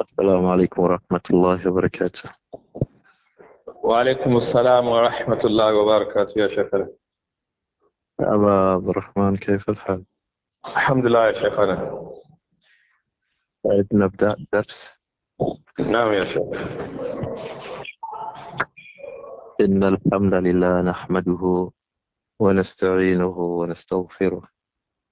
السلام عليكم ورحمة الله وبركاته وعليكم السلام ورحمة الله وبركاته يا شيخنا أبا عبد الرحمن كيف الحال؟ الحمد لله يا شيخنا بعد طيب، نبدأ الدرس نعم يا شيخ إن الحمد لله نحمده ونستعينه ونستغفره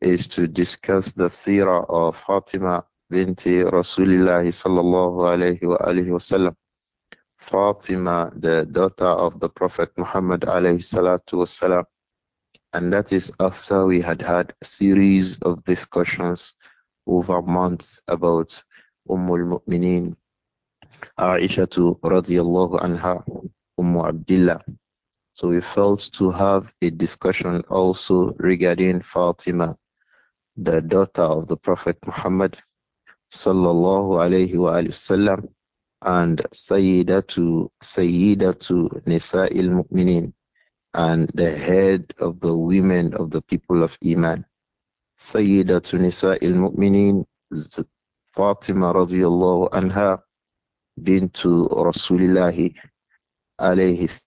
is to discuss the sira of Fatima binti Rasulullah sallallahu alayhi wa alayhi wasallam. Fatima, the daughter of the Prophet Muhammad alayhi salatu wasalam. And that is after we had had a series of discussions over months about Ummul Mu'mineen, Aisha radiallahu anha, Ummu Abdullah. So we felt to have a discussion also regarding Fatima the daughter of the Prophet Muhammad sallallahu alayhi wa sallam and Sayyidatu Sayyidatu Nisa'il Mu'minin and the head of the women of the people of Iman. Sayyidatu Nisa'il Mu'minin Fatima radiyallahu anha bintu Rasulillahi alayhi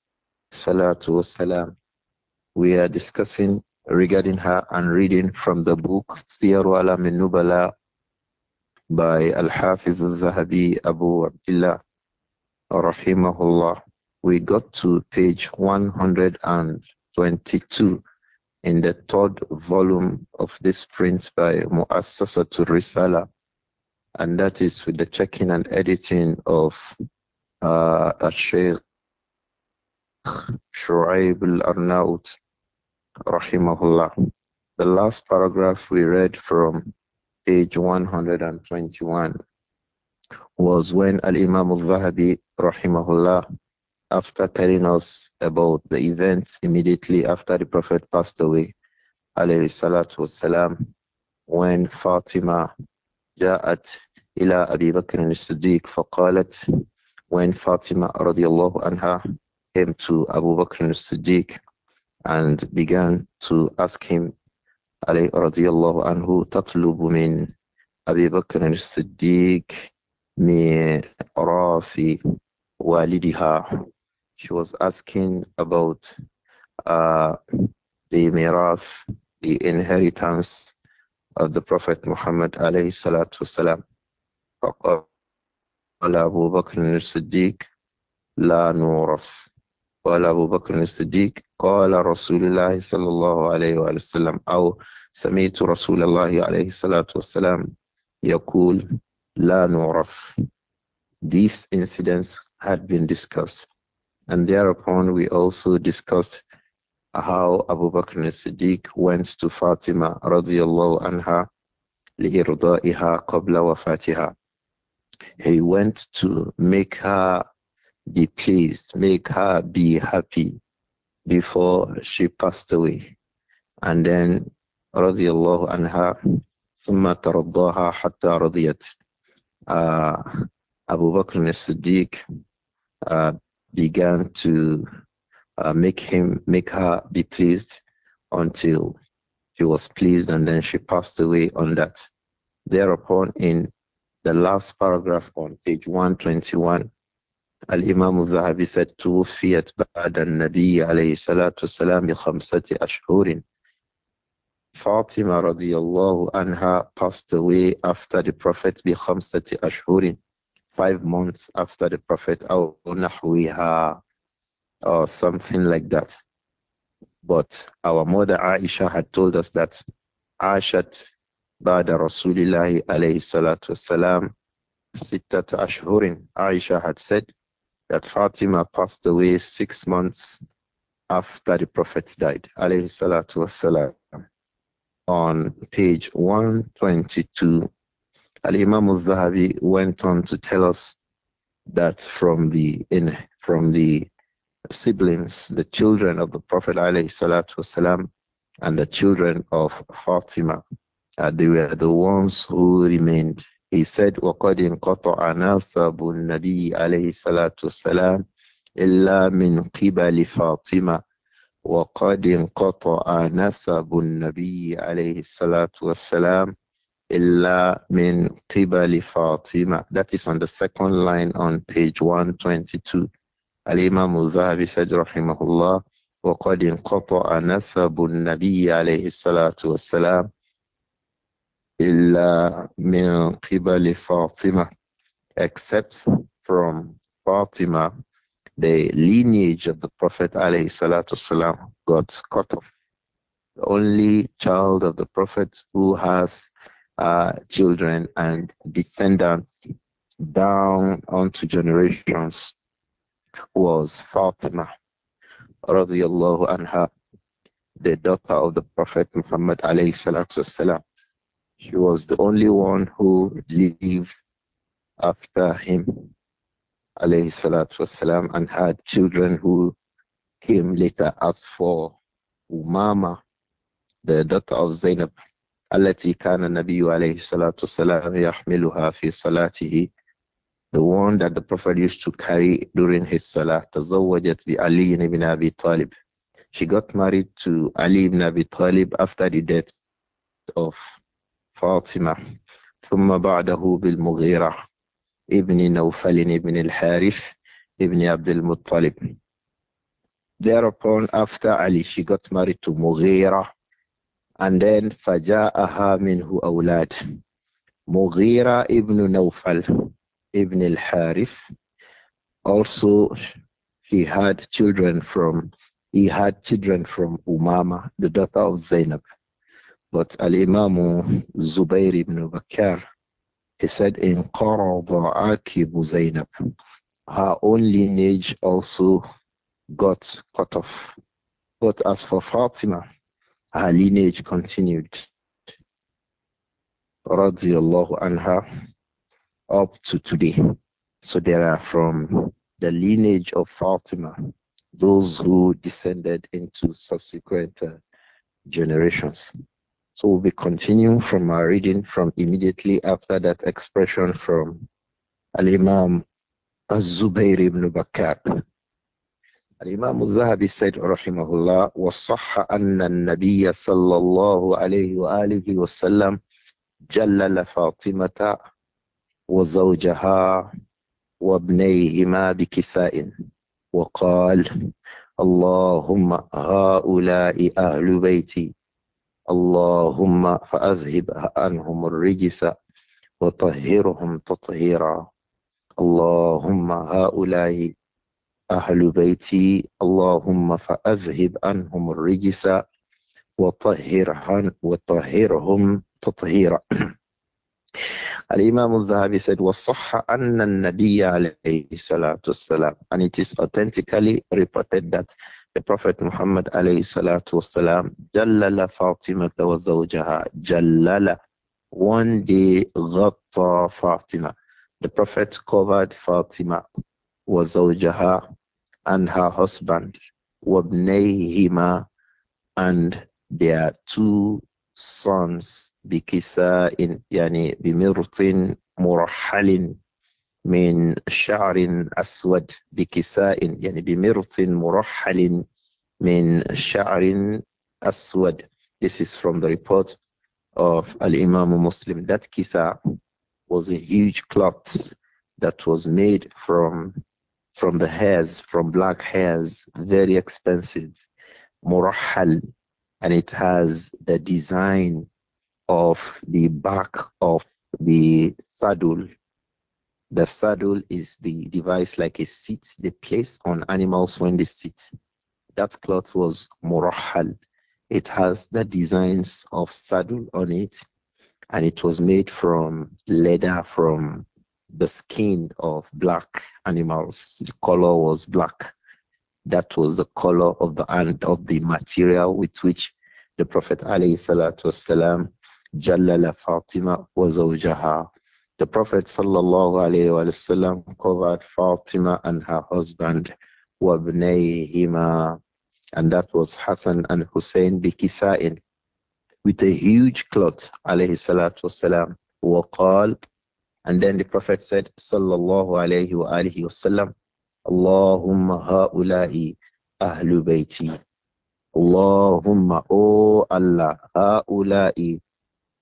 salatu wassalam. We are discussing regarding her and reading from the book Siyaru Alam Nubala by Al-Hafiz al-Zahabi Abu Abdullah rahimahullah. We got to page 122 in the third volume of this print by Muassasatul Risala, and that is with the checking and editing of uh, Sheikh Shu'aib al-Arnaut rahimahullah. The last paragraph we read from page 121 was when Al Imam al Zahabi, rahimahullah, after telling us about the events immediately after the Prophet passed away, alayhi salatu wasalam, when Fatima جاءت إلى أبي بكر الصديق فقالت when Fatima radiallahu anha came to Abu Bakr as-Siddiq and began to ask him, Ali radiallahu anhu, tatlubu min Abi Bakr al-Siddiq mi'rafi walidiha. She was asking about uh, the mirath, the inheritance of the Prophet Muhammad alayhi salatu wasalam. قال أبو بكر الصديق لا نورث Abu Bakr al-Siddiq." قال رسول الله صلى الله عليه وسلم أو سمعت رسول الله عليه الصلاة والسلام يقول لا نعرف These incidents had been discussed and thereupon we also discussed how Abu Bakr as-Siddiq went to Fatima radiyallahu anha لإرضائها قبل وفاتها He went to make her be pleased, make her be happy before she passed away. And then الله عنها ثم ترضاها حتى رضيت uh, Abu Bakr as-Siddiq uh, began to uh, make him make her be pleased until she was pleased and then she passed away on that thereupon in the last paragraph on page 121 الإمام الذهبي said توفيت بعد النبي عليه الصلاة والسلام بخمسة أشهر فاطمة رضي الله عنها passed away after the Prophet بخمسة أشهر five months after the Prophet أو نحوها or something like that but our mother Aisha had told us that عاشت بعد رسول الله عليه الصلاة والسلام ستة أشهر Aisha had said that Fatima passed away six months after the Prophet died, alayhi salatu wasalam, on page 122. Al Imam al Zahabi went on to tell us that from the in from the siblings, the children of the Prophet والسلام, and the children of Fatima. Uh, they were the ones who remained he said, وَقَدْ انْقَطَعَ نَاصَبُ النَّبِيِّ عَلَيْهِ الصَّلَاةُ وَالسَّلَامُ إِلَّا مِنْ قِبَلِ فَاطِمَةَ وقد انقطع نسب النبي عليه الصلاة والسلام إلا من قبل فاطمة. That is on the second line on page 122. الإمام الذهبي said, رحمه الله وقد انقطع نسب النبي عليه الصلاة والسلام إلا من قبل Fatima, except from Fatima the lineage of the Prophet والسلام, got cut off. The only child of the Prophet who has uh, children and descendants down onto generations was Fatima radiallahu anha, the daughter of the Prophet Muhammad alayhi salatu wasalam. She was the only one who lived after him, alayhi salatu wasalam, and had children who came later as for Umama, the daughter of Zainab, التي كان النبي عليه الصلاة والسلام يحملها في صلاته the one that the Prophet used to carry during his salah, تزوجت بعلي ibn Abi Talib. She got married to Ali ibn Abi Talib after the death of فاطمة ثم بعده بالمغيرة ابن نوفل ابن الحارث ابن عبد المطلب Thereupon, after Ali, she got married to Mughira, and then فَجَاءَهَا مِنْهُ أَوْلَادٍ Mughira ibn Nawfal ibn al-Harith. Also, he had children from, he had children from Umama, the daughter of Zainab. But Al Imam Zubair ibn Bakr, he said, In Qarada Zainab, her own lineage also got cut off. But as for Fatima, her lineage continued. Radiallahu anha up to today. So there are from the lineage of Fatima, those who descended into subsequent uh, generations. So we'll be continuing from our reading from immediately after that expression from Al Imam Az-Zubair ibn Bakr. Al Imam Al-Zahabi said, Rahimahullah, وَصَحَّ أَنَّ النَّبِيَّ صَلَّى اللَّهُ عَلَيْهِ وَآلِهِ وَسَلَّمَ جَلَّلَ فَاطِمَةَ وزوجها وابنيهما بكساء وقال اللهم هؤلاء أهل بيتي اللهم فأذهب عنهم الرجس وطهرهم تطهيرا اللهم هؤلاء أهل بيتي اللهم فأذهب عنهم الرجس وطهرهم وطهرهم تطهيرا الإمام الذهبي said وصح أن النبي عليه الصلاة والسلام and it is authentically reported that the Prophet Muhammad alayhi salatu wasalam, Jallala Fatima wa zawjaha, Jallala. One day, Ghatta Fatima. The Prophet covered Fatima wa zawjaha and her husband, wabnayhima, and their two sons, bikisa in yani bimirtin murahalin من شعر أسود بكساء يعني بمرط مرحل من شعر أسود This is from the report of Al-Imam Muslim that kisa was a huge cloth that was made from from the hairs, from black hairs, very expensive, murahal, and it has the design of the back of the saddle the saddle is the device like a seat they place on animals when they sit. That cloth was murahal. It has the designs of saddle on it, and it was made from leather from the skin of black animals. The color was black. That was the color of the and of the material with which the Prophet alayhi salatu wasalam Jallala Fatima wa zawjaha the Prophet وسلم, covered Fatima and her husband وَابْنَيْهِمَا and that was Hassan and Hussein Bikisain, with a huge cloth alayhi salatu wasalam and then the Prophet said sallallahu alayhi wa alihi wasallam Allahumma ha'ula'i ahlu bayti Allahumma o oh Allah ha'ula'i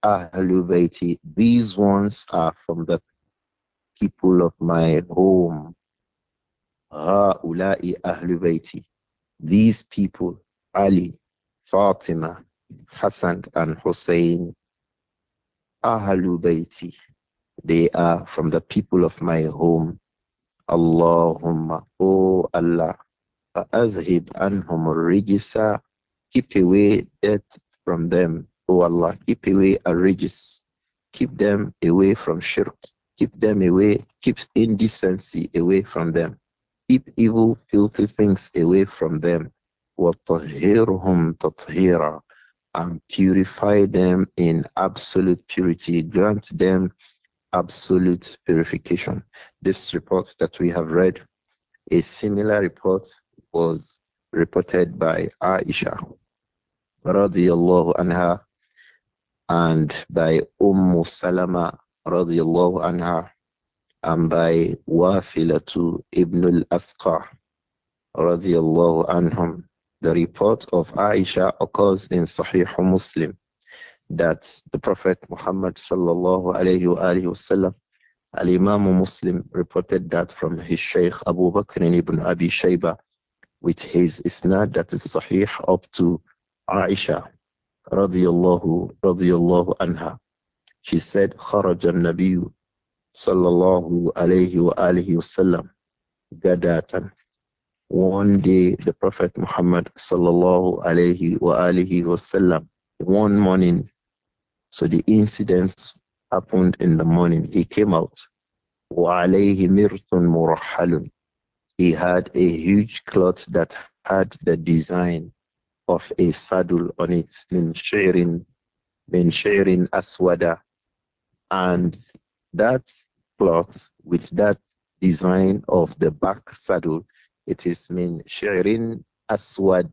Ahlul Bayti. These ones are from the people of my home. Ha'ula'i Ahlul Bayti. These people, Ali, Fatima, Hassan, and Hussein, Ahlul Bayti. They are from the people of my home. Allahumma, O oh Allah, فَأَذْهِبْ عَنْهُمُ الرِّجِسَ Keep away death from them. O oh Allah, keep away outrageous. Keep them away from shirk. Keep them away. Keep indecency away from them. Keep evil, filthy things away from them. وَطَهِّرْهُمْ تَطْهِيرًا And purify them in absolute purity. Grant them absolute purification. This report that we have read, a similar report was reported by Aisha radiallahu anha and by Umm Salama radiallahu anha and by Wafilatu ibn al-Asqa radiallahu anhum. The report of Aisha occurs in Sahih Muslim that the Prophet Muhammad sallallahu alayhi wa alayhi wasallam, al-Imam Muslim reported that from his Shaykh Abu Bakr ibn Abi Shayba with his isnad that is Sahih up to Aisha radiallahu, radiallahu anha. She said, خرج النبي صلى الله عليه وآله وسلم غداة one day the Prophet Muhammad صلى الله عليه وآله وسلم one morning. So the incidents happened in the morning. He came out. Wa alayhi mirtun He had a huge cloth that had the design of a saddle on it, min sharing, min sharing aswada. And that cloth with that design of the back saddle, it is min sharing aswad.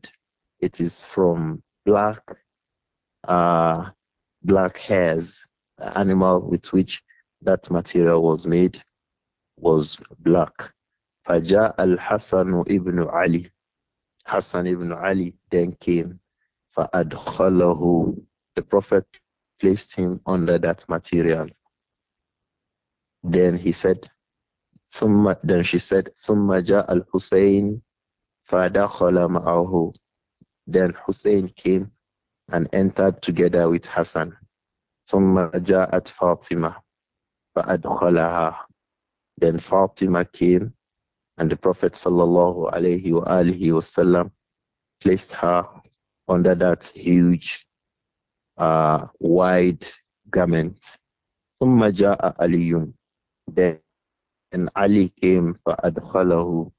It is from black, uh, black hairs. The animal with which that material was made was black. Faja al-Hasan ibn Ali Hassan ibn Ali then came. فَأَدْخَلَهُ The Prophet placed him under that material. Then he said, ثم, then she said, ثم جاء الحسين فدخل معه. Then Hussein came and entered together with Hassan. ثم جاءت فاطمة فأدخلها. Then Fatima came and the Prophet sallallahu alaihi wasallam placed her under that huge, uh, wide garment. ثم جاء علي then and Ali came for adkhalahu.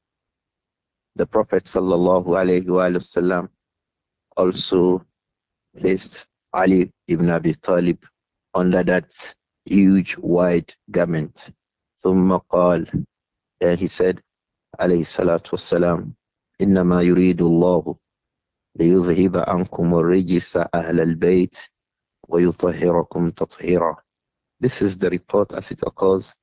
The Prophet sallallahu alaihi wasallam also placed Ali ibn Abi Talib under that huge white garment. ثم قال then he said عليه الصلاة والسلام إنما يريد الله ليذهب عنكم الرجس أهل البيت ويطهركم تطهيرا This is the report as it occurs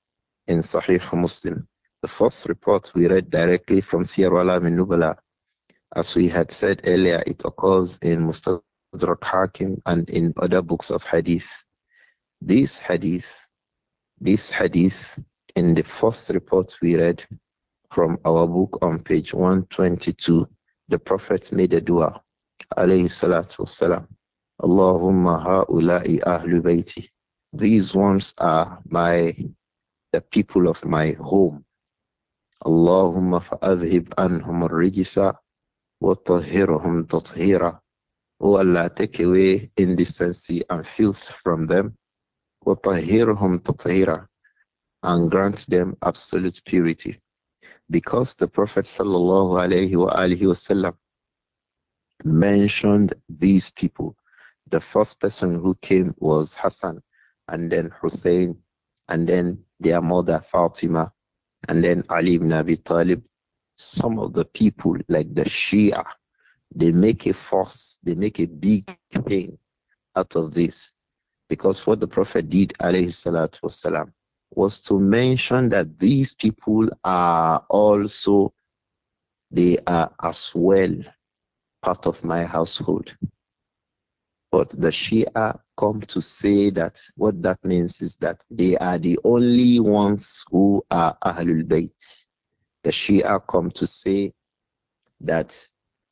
in Sahih Muslim. The first report we read directly from Sierra Alam in Nubala. As we had said earlier, it occurs in Mustadrak Hakim and in other books of hadith. This hadith, this hadith in the first report we read from our book on page 122, the Prophet made a dua, alayhi salatu wassalam. Allahumma ha'ula'i ahlu bayti. These ones are my, the people of my home. Allahumma fa'adhib anhum ar-rijisa wa tahhirhum tathira. O Allah, take away indecency and filth from them. Wa tahhirhum tathira. And grant them absolute purity because the Prophet mentioned these people. The first person who came was Hassan, and then Hussein, and then their mother Fatima, and then Ali ibn Abi Talib. Some of the people, like the Shia, they make a fuss, they make a big thing out of this. Because what the Prophet did, alayhi salatu wasalam, was to mention that these people are also, they are as well part of my household. But the Shia come to say that what that means is that they are the only ones who are Ahlul Bayt. The Shia come to say that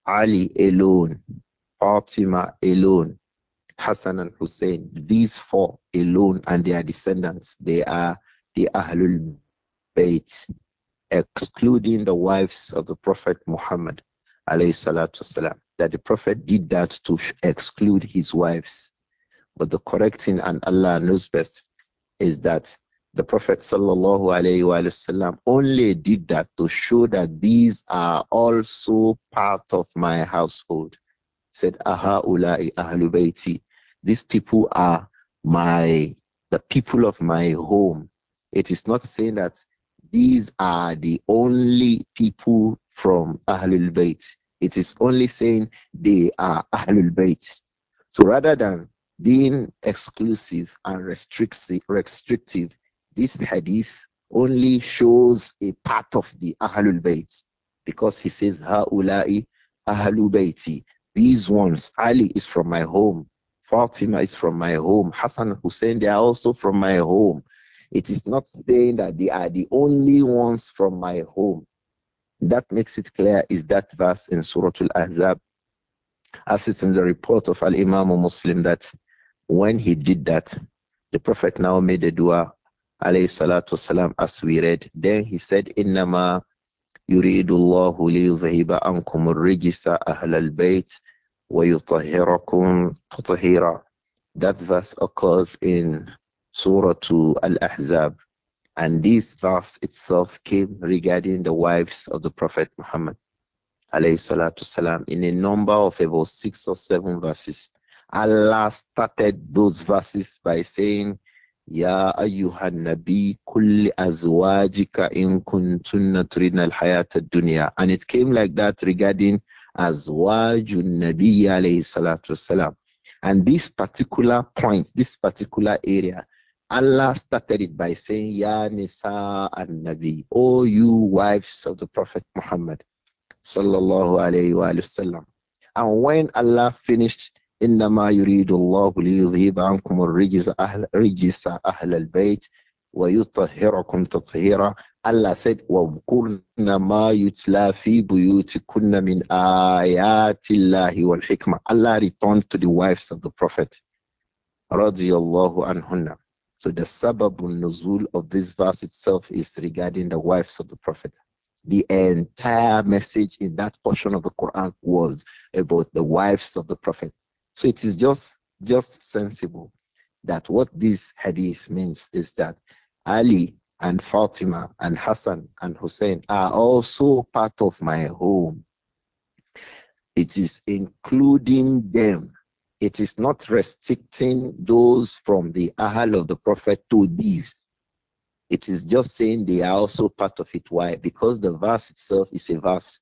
Ali alone, Fatima alone, Hassan and Hussein, these four alone and their descendants, they are the Ahlul Bayt, excluding the wives of the Prophet Muhammad, والسلام, that the Prophet did that to exclude his wives. But the correct and Allah knows best, is that the Prophet وسلم, only did that to show that these are also part of my household. Said Aha Ulai Bayt, These people are my the people of my home. It is not saying that these are the only people from Ahlul Bayt. It is only saying they are Ahlul Bayt. So rather than being exclusive and restrictive, this hadith only shows a part of the Ahlul Bayt because he says, Ha'ula'i Ahlul Bayti. These ones, Ali is from my home, Fatima is from my home, Hassan Hussein, they are also from my home. It is not saying that they are the only ones from my home. That makes it clear is that verse in Surah Al-Ahzab. As it's in the report of Al-Imam Muslim that when he did that, the Prophet now made a dua, alayhi salatu salam, as we read. Then he said, Innama يريد الله ليذهب عنكم الرجس wa yutahira ويطهركم تطهيرا. That verse occurs in Surah Al Ahzab. And this verse itself came regarding the wives of the Prophet Muhammad والسلام, in a number of about six or seven verses. Allah started those verses by saying, Ya ayyuhan nabi kulli azwajika in kuntunna turidna al-hayata dunya. And it came like that regarding azwajun nabi alayhi salatu wasalam. And this particular point, this particular area, Allah started it by saying, Ya Nisa an Nabi, O you wives of the Prophet Muhammad. Sallallahu alayhi wa sallam. And when Allah finished, إنما يريد الله ليذهب عنكم الرجس أهل رجس أهل البيت ويطهركم تطهيرا Allah said واذكرن ما يتلى في بيوتكن من آيات الله والحكمة Allah returned to the wives of the Prophet رضي الله عنهن so the sababul nuzul of this verse itself is regarding the wives of the Prophet. The entire message in that portion of the Quran was about the wives of the Prophet. So it is just just sensible that what this hadith means is that Ali and Fatima and Hassan and Hussein are also part of my home. It is including them it is not restricting those from the Ahl of the Prophet to these. It is just saying they are also part of it. Why? Because the verse itself is a verse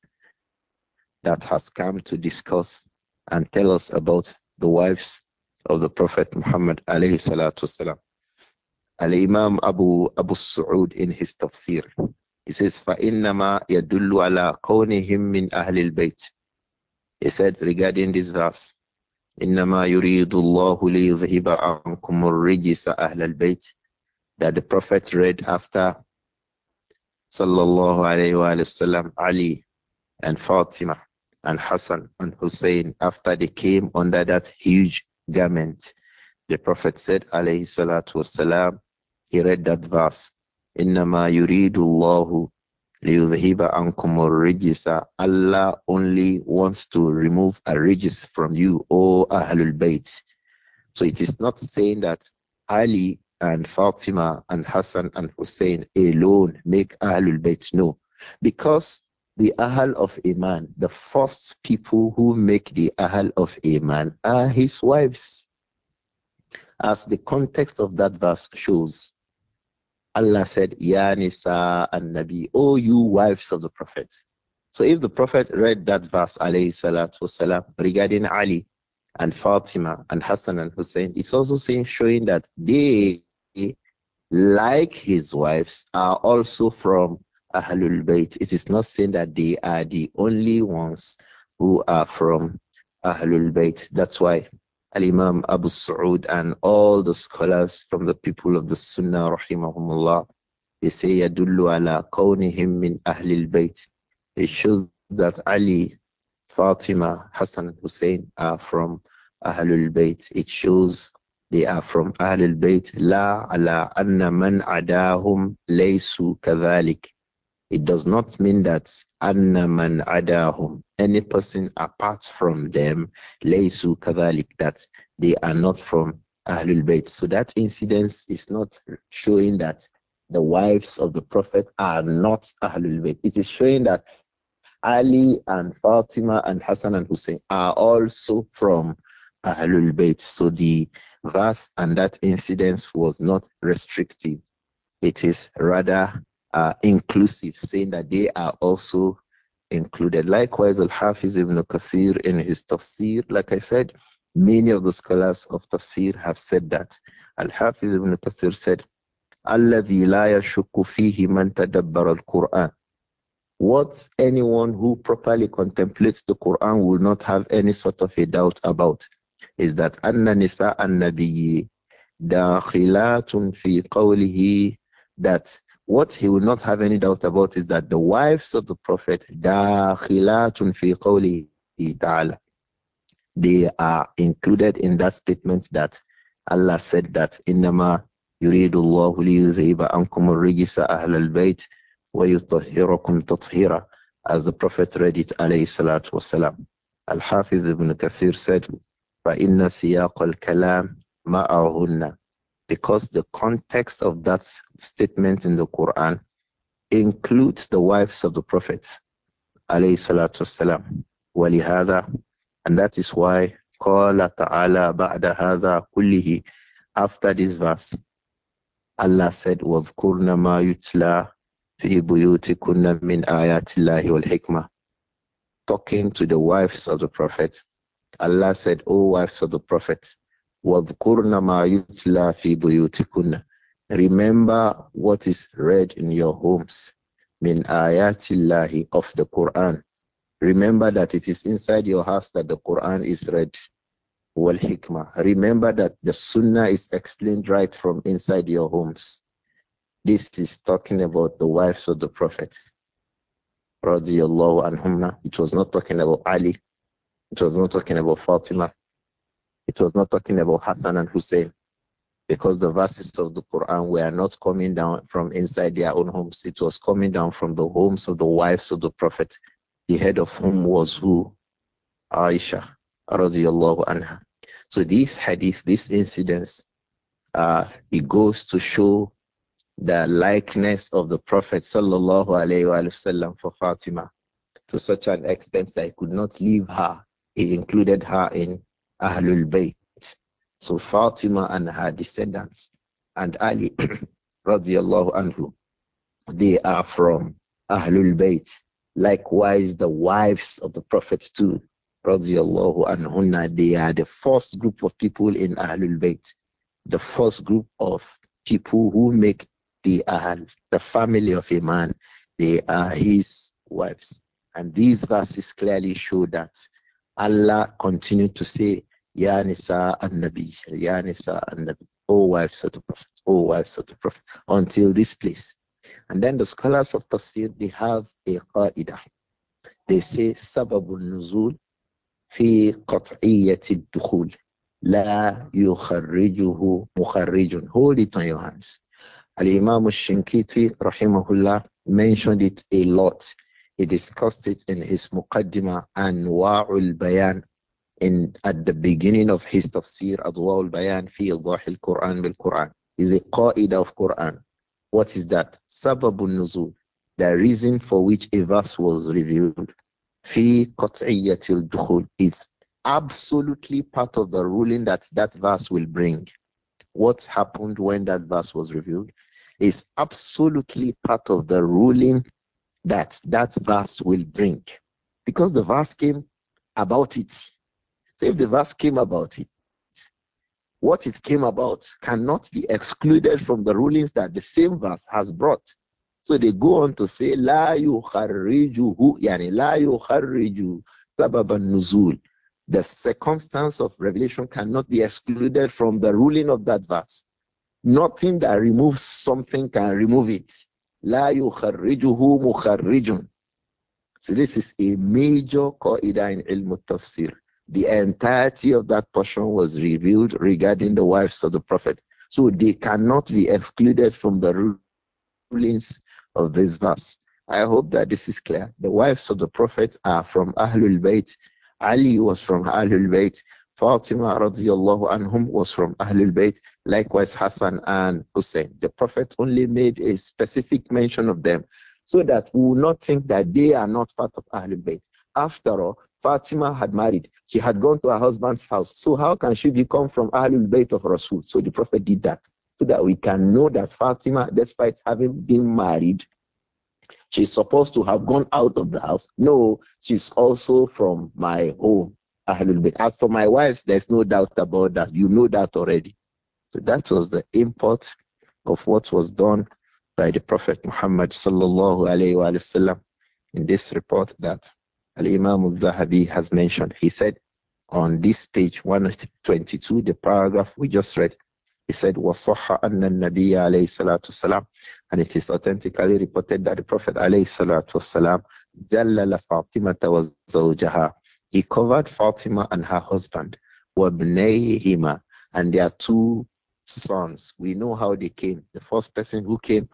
that has come to discuss and tell us about the wives of the Prophet Muhammad alayhi salatu wasalam. Al Imam Abu Abu Su'ud in his tafsir. He says, فَإِنَّمَا يَدُلُّ عَلَىٰ كَوْنِهِمْ مِنْ أَهْلِ الْبَيْتِ He said regarding this verse, إنما يريد الله ليذهب عنكم الرجس أهل البيت that the Prophet read after sallallahu alayhi wa sallam Ali and Fatima and Hassan and Hussein after they came under that huge garment. The Prophet said alayhi salatu wasalam, he read that verse, إِنَّمَا يُرِيدُ اللَّهُ لِيُذْهِبَ عَنْكُمُ الرِّجِسَ Allah only wants to remove a rijis from you, O Ahlul Bayt. So it is not saying that Ali and Fatima and Hassan and Hussein alone make Ahlul Bayt. No. Because the Ahl of Iman, the first people who make the Ahl of Iman are his wives. As the context of that verse shows, Allah said, Ya Nisa an Nabi, O you wives of the Prophet. So if the Prophet read that verse, alayhi salatu wasalam, regarding Ali and Fatima and Hassan and Hussein, it's also saying, showing that they, like his wives, are also from Ahlul Bayt. It is not saying that they are the only ones who are from Ahlul Bayt. That's why Al Imam Abu Sa'ud and all the scholars from the people of the Sunnah, rahimahumullah, they say Yadullu ala kawnihim min Ahlil Bayt. It shows that Ali, Fatima, Hassan, and Hussein are from Ahlul Bayt. It shows they are from Ahlul Bayt. La ala anna man adahum laysu kadhalik. It does not mean that anna adahum, any person apart from them, laysu kadhalik, that they are not from Ahlul Bayt. So that incident is not showing that the wives of the Prophet are not Ahlul Bayt. It is showing that Ali and Fatima and Hassan and Hussein are also from Ahlul Bayt. So the verse and that incident was not restrictive. It is rather are inclusive, saying that they are also included. Likewise, Al-Hafiz ibn Kathir in his tafsir, like I said, many of the scholars of tafsir have said that. Al-Hafiz ibn Kathir said, الذي لا يشك فيه من تدبر القرآن what anyone who properly contemplates the Quran will not have any sort of a doubt about is that anna nisa an-nabiyyi dakhilatun fi qawlihi that what he will not have any doubt about is that the wives of the Prophet, دَاخِلَاتٌ فِي They are included in that statement that Allah said that إِنَّمَا يُرِيدُ اللَّهُ لِيُذْهِبَ أَنْكُمُ الرِّجِسَ أَهْلَ الْبَيْتِ وَيُطَهِّرَكُمْ تَطْهِيرًا As the Prophet read it, alayhi salatu wasalam. Al-Hafiz ibn Kathir said, فَإِنَّ سِيَاقَ الْكَلَامِ مَعَهُنَّ because the context of that statement in the Quran includes the wives of the prophets alayhi salatu wasalam and that is why after this verse Allah said talking to the wives of the prophet Allah said O wives of the prophet وَذْكُرْنَ مَا yutla fi بُيُوتِكُنَّ Remember what is read in your homes. Min ayatillahi of the Quran. Remember that it is inside your house that the Quran is read. Wal hikmah. Remember that the Sunnah is explained right from inside your homes. This is talking about the wives of the Prophet. Radiallahu anhumna. It was not talking about Ali. It was not talking about Fatima. It was not talking about Hassan and Hussein because the verses of the Quran were not coming down from inside their own homes. It was coming down from the homes of the wives of the Prophet, the head of whom was who? Aisha anha. So these hadith, these incidents, uh, it goes to show the likeness of the Prophet sallallahu alayhi wasallam for Fatima to such an extent that he could not leave her. He included her in Ahlul Bayt. So Fatima and her descendants and Ali radiallahu anhu, they are from Ahlul Bayt. Likewise, the wives of the Prophet too, radiallahu anhunna, they are the first group of people in Ahlul Bayt. The first group of people who make the Ahl, the family of a man, they are his wives. And these verses clearly show that Allah continued to say, Ya Nisa Nabi, Ya Nisa Nabi, O wives of the Prophet, O oh, wives of the Prophet, until this place. And then the scholars of Tafsir, they have a qaida. They say, Sababun Nuzul fi qat'iyyati dukhul la yukharrijuhu mukharrijun. Hold it on your hands. Al-Imam al-Shinkiti, rahimahullah, mentioned it a lot. He discussed it in his Muqaddimah Anwa'ul Bayan in at the beginning of his tafsir Adwa al-Bayan fi al-Quran bil-Quran is a qaida of Quran. What is that? Sababun nuzul, the reason for which a verse was revealed. Fi qat'iyyatil dukhul is absolutely part of the ruling that that verse will bring. What happened when that verse was revealed is absolutely part of the ruling that that verse will bring. Because the verse came about it. So if the verse came about it, what it came about cannot be excluded from the rulings that the same verse has brought. So they go on to say, La hu, yani la yuharriju sababan nuzul. The circumstance of revelation cannot be excluded from the ruling of that verse. Nothing that removes something can remove it. La hu mukharrijun. So this is a major qaida in ilm tafsir. The entirety of that portion was revealed regarding the wives of the Prophet. So they cannot be excluded from the rulings of this verse. I hope that this is clear. The wives of the Prophet are from Ahlul Bayt. Ali was from Ahlul Bayt. Fatima radiallahu anhum was from Ahlul Bayt. Likewise, Hassan and Hussein. The Prophet only made a specific mention of them so that we will not think that they are not part of Ahlul Bayt. After all, Fatima had married. She had gone to her husband's house. So how can she become from Ahlul Bayt of Rasul? So the Prophet did that so that we can know that Fatima, despite having been married, she's supposed to have gone out of the house. No, she's also from my home, Ahlul Bayt. As for my wives, there's no doubt about that. You know that already. So that was the import of what was done by the Prophet Muhammad sallallahu alaihi wasallam in this report that Al-Imam al-Zahabi has mentioned. He said on this page 122, the paragraph we just read, he said, وَصَحَّ أَنَّ النَّبِيَّ عَلَيْهِ الصَّلَاةُ وَالسَّلَامُ And it is authentically reported that the Prophet عليه الصلاة والسلام جَلَّلَ فَاطِمَةَ وَزَوْجَهَا He covered Fatima and her husband وَابْنَيْهِمَا And their two sons. We know how they came. The first person who came,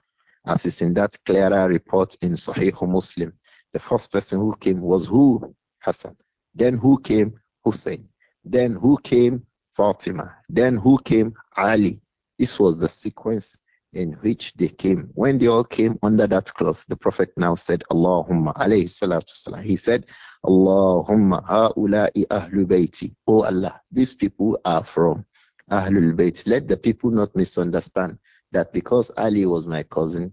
as is in that clearer report in Sahih Muslim, the first person who came was who? Hassan. Then who came? Hussein. Then who came? Fatima. Then who came? Ali. This was the sequence in which they came. When they all came under that cloth, the Prophet now said, Allahumma alayhi salatu salam. He said, Allahumma ha'ula'i ahlu bayti. Oh Allah, these people are from Ahlul Bayt. Let the people not misunderstand that because Ali was my cousin,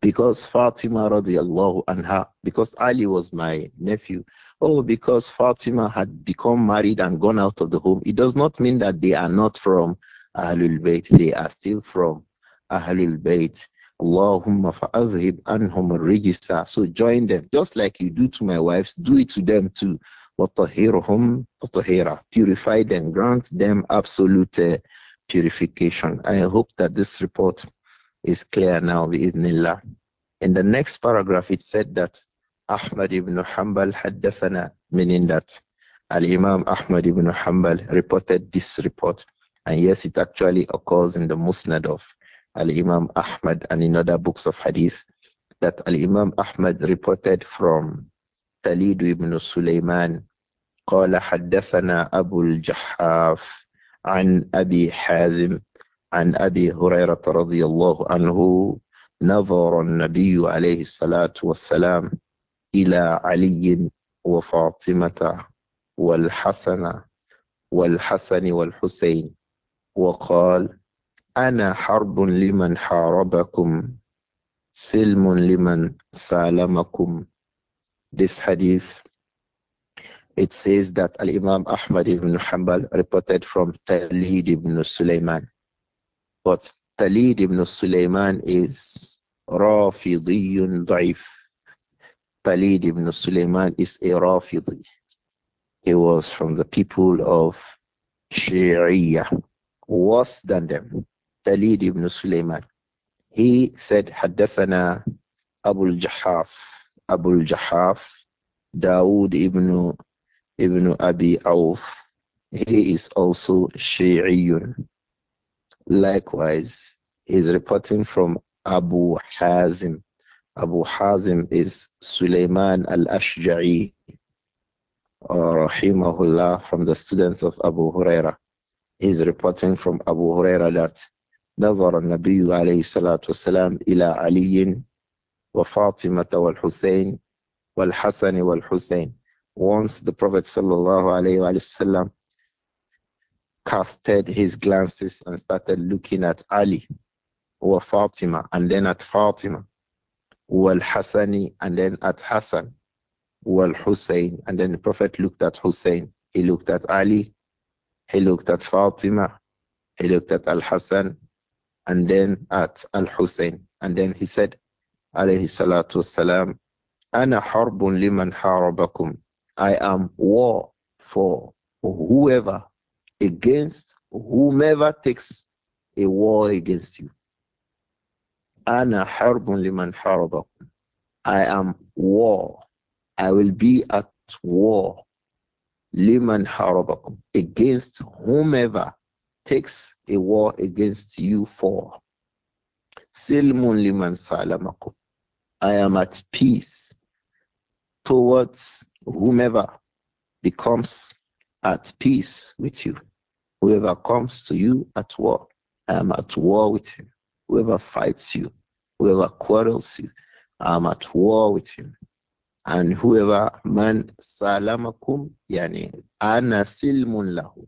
because Fatima radiallahu anha, because Ali was my nephew, oh, because Fatima had become married and gone out of the home, it does not mean that they are not from Ahlul Bayt. They are still from Ahlul Bayt. Allahumma fa'adhib anhum register. So join them. Just like you do to my wives, do it to them too. وَطَهِرْهُمْ watahira, Purify them, grant them absolute uh, purification. I hope that this report is clear now, bi'idhnillah. In the next paragraph, it said that Ahmad ibn Hanbal haddathana, meaning that Al-Imam Ahmad ibn Hanbal reported this report. And yes, it actually occurs in the Musnad of Al-Imam Ahmad and in other books of hadith that Al-Imam Ahmad reported from Talid ibn Sulaiman قال حدثنا أبو الجحاف عن أبي حازم عن أبي هريرة رضي الله عنه نظر النبي عليه الصلاة والسلام إلى علي وفاطمة والحسن والحسن والحسين وقال أنا حرب لمن حاربكم سلم لمن سالمكم This hadith it says that Al-Imam Ahmad ibn Hanbal reported from Talid ibn Sulaiman But Talid ibn Sulaiman is Rafidiyun Daif. Talid ibn Sulaiman is a Rafidi. He was from the people of Shi'iyah, worse than them. Talid ibn Sulaiman. He said, Haddathana Abu al-Jahaf. Abu al-Jahaf, Dawood ibn, ibn Abi Auf. He is also Shi'iyun. Likewise, he's reporting from Abu Hazim. Abu Hazim is Sulaiman al-Ashja'i, uh, rahimahullah, from the students of Abu Huraira. He's reporting from Abu Huraira that نظر النبي عليه الصلاة والسلام إلى علي وفاطمة والحسين والحسن والحسين. Once the Prophet sallallahu alayhi wasallam casted his glances and started looking at Ali or Fatima and then at Fatima, wal Hassani and then at Hassan, wal Hussein and then the Prophet looked at Hussein. He looked at Ali, he looked at Fatima, he looked at Al Hassan and then at Al Hussein and then he said, alayhi salatu wasalam, Ana harbun liman harabakum. I am war for whoever against whomever takes a war against you. Ana harbun liman harabakum. I am war. I will be at war. Liman harabakum. Against whomever takes a war against you for. Silmun liman salamakum. I am at peace towards whomever becomes at peace with you. Whoever comes to you at war, I am at war with him. Whoever fights you, whoever quarrels you, I am at war with him. And whoever man salamakum yani ana silmun lahu.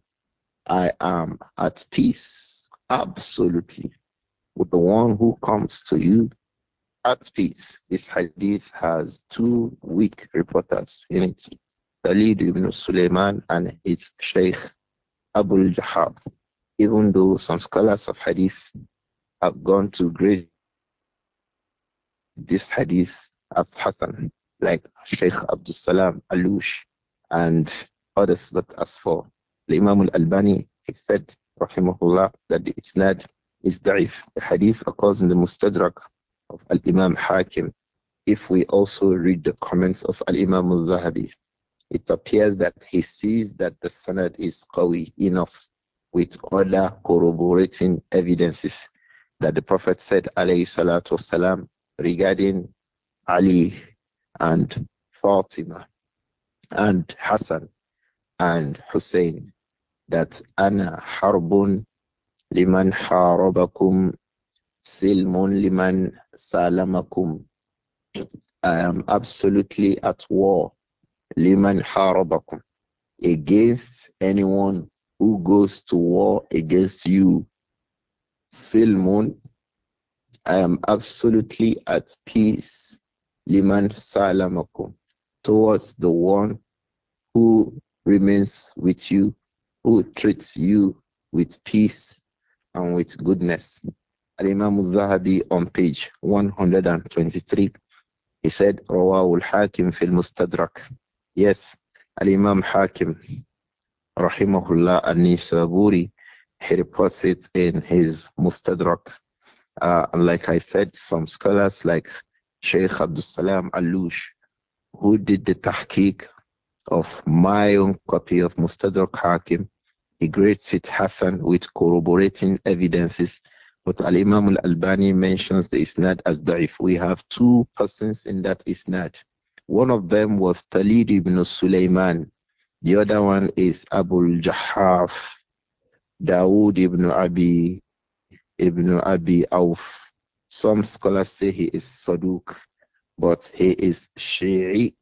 I am at peace absolutely with the one who comes to you at peace. This hadith has two weak reporters in it. Khalid ibn Sulaiman and his Sheikh Abu Jahab, even though some scholars of hadith have gone to grade this hadith of Hassan, like Sheikh Abdul Salam Alush and others. But as for the Imam al Albani, he said, Rahimahullah, that the Isnad is da'if. The hadith occurs in the Mustadrak of Al Imam Hakim. If we also read the comments of Al Imam al Zahabi, it appears that he sees that the Sunnah is qawi enough with other corroborating evidences that the Prophet said alayhi salatu regarding Ali and Fatima and Hassan and Hussein that Anna harbun liman harabakum silmun liman salamakum I am absolutely at war liman harabakum against anyone who goes to war against you silmun i am absolutely at peace liman salamakum towards the one who remains with you who treats you with peace and with goodness al-imam al-zahabi on page 123 he said rawahul hakim fil mustadrak Yes, Al Imam Hakim, Rahimahullah Al Nisaburi, he reports it in his Mustadrak. Uh, and like I said, some scholars like Sheikh Abdul Salam Alush, who did the tahqiq of my own copy of Mustadrak Hakim, he grades it Hassan with corroborating evidences. But Al Imam Al Albani mentions the Isnad as Da'if. We have two persons in that Isnad. One of them was Talid ibn Sulaiman. The other one is Abul Jahaf, Dawood ibn Abi, ibn Abi Auf. Some scholars say he is Saduq, but he is Shi'i.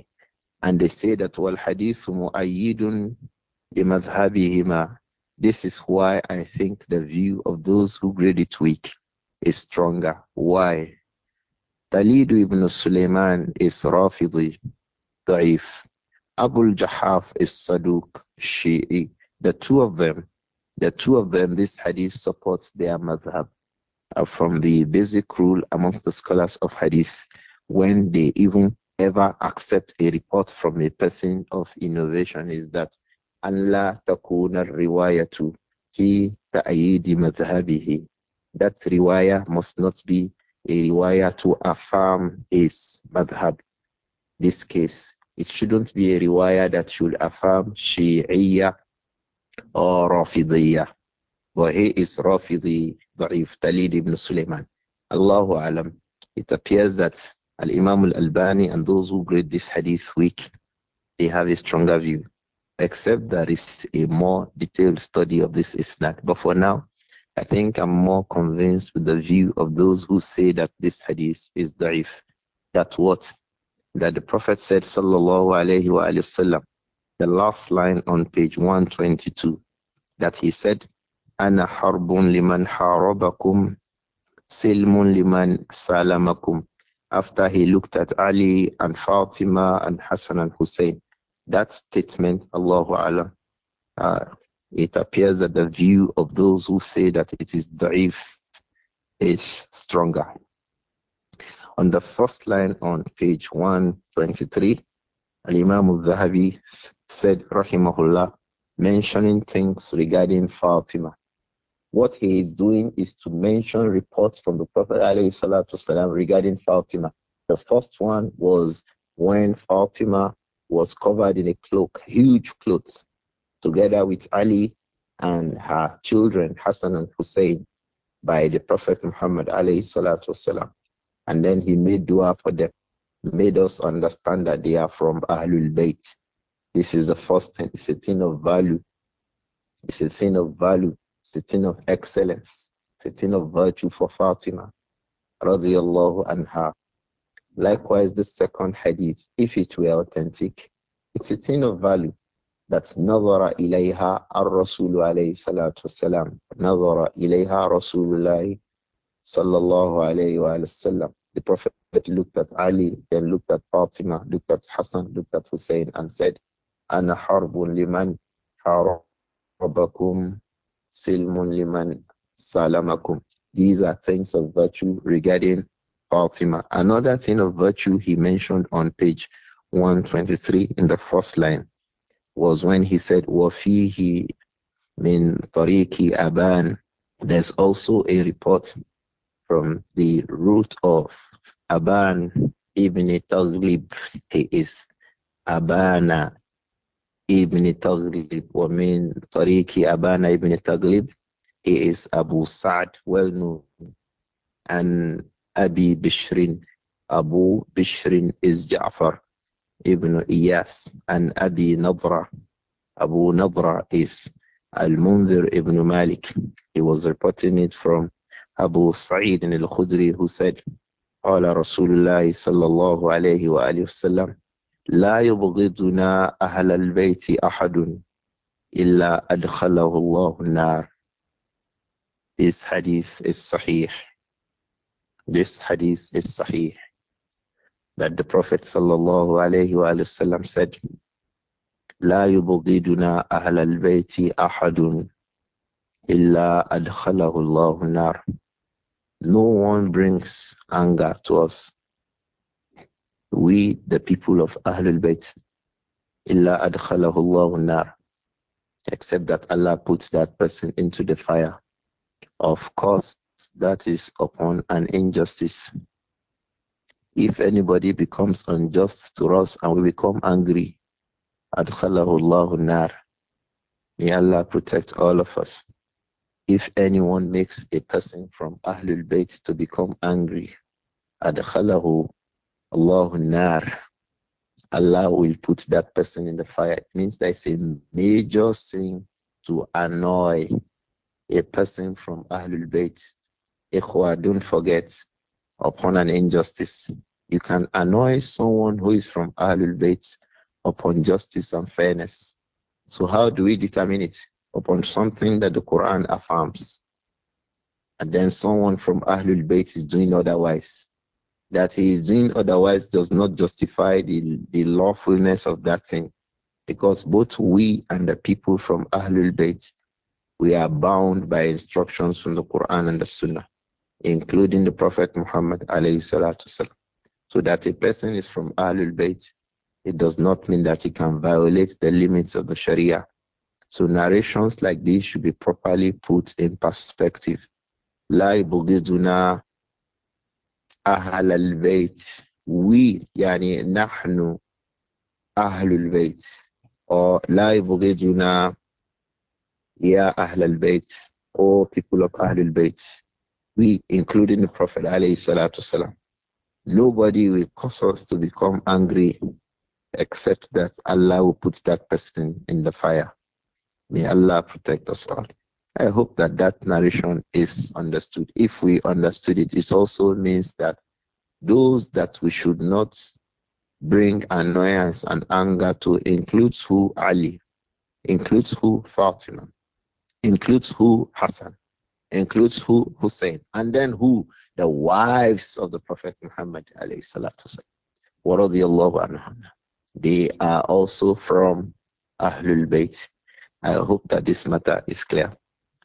And they say that wal hadith mu'ayyidun bimadhhabihima. This is why I think the view of those who grade it weak is stronger. Why? Talidu ibn Sulaiman is Rafidi, Da'if. Abu Jahaf is Saduq, Shi'i. The two of them, the two of them, this hadith supports their madhab uh, from the basic rule amongst the scholars of hadith when they even ever accept a report from a person of innovation is that Allah takuna riwayatu fi ta'yidi madhabihi. That riwayah must not be a rewire to affirm his madhab. This case, it shouldn't be a rewire that should affirm Shi'iyya or Rafidiyya. But he is Rafidi, Da'if, Talid ibn Sulaiman. Allahu Alam. It appears that Al Imam Al Albani and those who grade this hadith weak, they have a stronger view, except there is a more detailed study of this isnad. But for now, I think I'm more convinced with the view of those who say that this hadith is da'if. That what? That the Prophet said, Sallallahu Alaihi Wasallam, the last line on page 122, that he said, Ana harbun liman harabakum, silmun man salamakum. After he looked at Ali and Fatima and Hassan and Hussein, that statement, Allahu Alam, uh, it appears that the view of those who say that it is da'if is stronger. On the first line on page 123, Al-Imam al-Zahabi said, rahimahullah, mentioning things regarding Fatima. What he is doing is to mention reports from the Prophet والسلام, regarding Fatima. The first one was when Fatima was covered in a cloak, huge clothes together with Ali and her children, Hassan and Hussein, by the Prophet Muhammad alayhi salatu wasalam. And then he made dua for them, made us understand that they are from Ahlul Bayt. This is the first thing, it's a thing of value. It's a thing of value, it's a thing of excellence, it's a thing of virtue for Fatima, radiallahu anha. Likewise, the second hadith, if it were authentic, it's a thing of value that nadhara ilayha ar-rasul alayhi salatu wasalam nadhara ilayha rasulullah sallallahu alayhi wa sallam the prophet looked at ali then looked at fatima looked at hassan looked at hussein and said ana harbun liman harabakum silmun liman salamakum these are things of virtue regarding fatima another thing of virtue he mentioned on page 123 in the first line was when he said, Wafihi min tariqi aban. There's also a report from the root of Aban ibn Taglib. He is Abana ibn Taglib, or min Tariqi Abana ibn Taglib. He is Abu Sa'd, well known, and Abi Bishrin. Abu Bishrin is Ja'far ibn Iyas and Abi Nadra. Abu Nadra is al Munzir ibn Malik. He was reporting it from Abu Sa'id al-Khudri who said, قال رسول الله صلى الله عليه وآله وسلم لا يبغضنا أهل البيت أحد إلا أدخله الله النار This hadith is sahih. This hadith is sahih that the Prophet sallallahu alaihi wasallam said, لا يبغضنا أهل البيت أحد إلا أدخله الله النار. No one brings anger to us. We, the people of Ahlul Bayt, إلا أدخله الله النار. Except that Allah puts that person into the fire. Of course, that is upon an injustice. If anybody becomes unjust to us and we become angry, adkhalahullahu nar. May Allah protect all of us. If anyone makes a person from Ahlul Bayt to become angry, adkhalahu Allahu nar. Allah will put that person in the fire. It means that it's a major sin to annoy a person from Ahlul Bayt. Ikhwa, don't forget, upon an injustice. You can annoy someone who is from Ahlul Bayt upon justice and fairness. So, how do we determine it? Upon something that the Quran affirms. And then someone from Ahlul Bayt is doing otherwise. That he is doing otherwise does not justify the, the lawfulness of that thing. Because both we and the people from Ahlul Bayt, we are bound by instructions from the Quran and the Sunnah, including the Prophet Muhammad alayhi salatu salam. So that a person is from Ahlul Bayt, it does not mean that he can violate the limits of the Sharia. So narrations like these should be properly put in perspective. La ibugiduna ahlul bayt. We, yani nahnu ahlul bayt. Or la ibugiduna ya ahlul bayt. Or people of ahlul bayt. We, including the Prophet alayhi salatu salam. Nobody will cause us to become angry except that Allah will put that person in the fire. May Allah protect us all. I hope that that narration is understood. If we understood it, it also means that those that we should not bring annoyance and anger to includes who Ali, includes who Fatima, includes who Hassan, includes who Hussein, and then who the wives of the Prophet Muhammad anhu. They are also from Ahlul Bayt. I hope that this matter is clear.